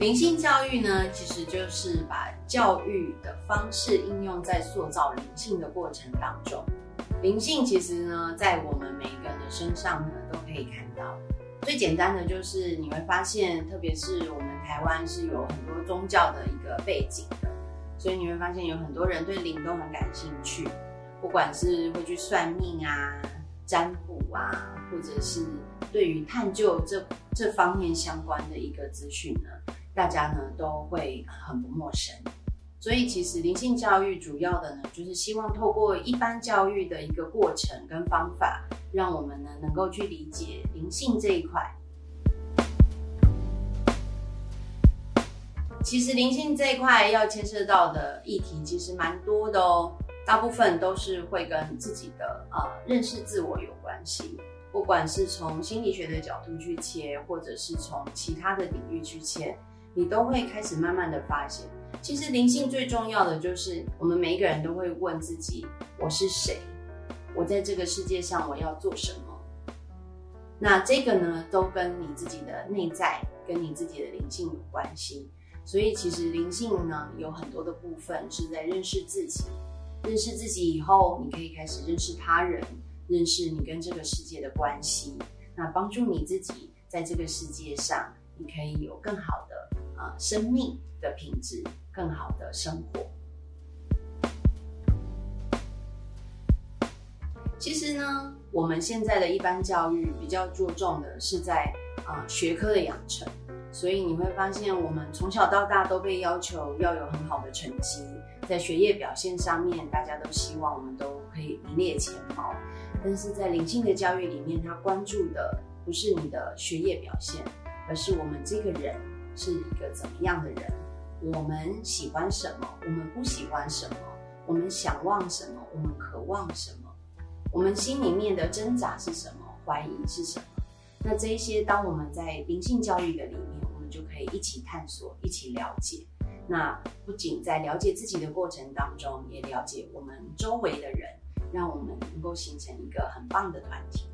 靈性教育呢，其實就是把教育的方式應用在塑造靈性的過程當中。靈性其實呢，在我們每一個人的身上呢，都可以看到。最簡單的就是你會發現，特別是我們台灣是有很多宗教的一個背景的，所以你會發現有很多人對靈都很感興趣，不管是會去算命啊、占卜啊，或者是對於探究這這方面相關的一個資訊呢。大家呢都會很不陌生，所以其實靈性教育主要的呢，就是希望透過一般教育的一個過程跟方法，讓我們呢能夠去理解靈性這一塊。其實靈性這一塊要牽涉到的議題其實蠻多的哦，大部分都是會跟自己的，呃，認識自我有關係，不管是從心理學的角度去切，或者是從其他的領域去切。你都會開始慢慢的發現，其實靈性最重要的就是，我們每一個人都會問自己：我是誰？我在這個世界上我要做什麼？那這個呢，都跟你自己的內在，跟你自己的靈性有關係。所以其實靈性呢，有很多的部分是在認識自己。認識自己以後，你可以開始認識他人，認識你跟這個世界的關係，那幫助你自己在這個世界上，你可以有更好的，啊、呃，生命的品質，更好的生活。其實呢，我們現在的一般教育比較注重的是在啊、呃、學科的養成，所以你會發現，我們從小到大都被要求要有很好的成績，在學業表現上面，大家都希望我們都可以名列前茅。但是在靈性的教育裡面，他關注的不是你的學業表現，而是我們這個人。是一個怎麼樣的人？我們喜歡什麼？我們不喜歡什麼？我們想望什麼？我們渴望什麼？我們心裡面的掙扎是什麼？懷疑是什麼？那這一些，當我們在靈性教育的裡面，我們就可以一起探索，一起了解。那不僅在了解自己的過程當中，也了解我們周圍的人，讓我們能夠形成一個很棒的團體。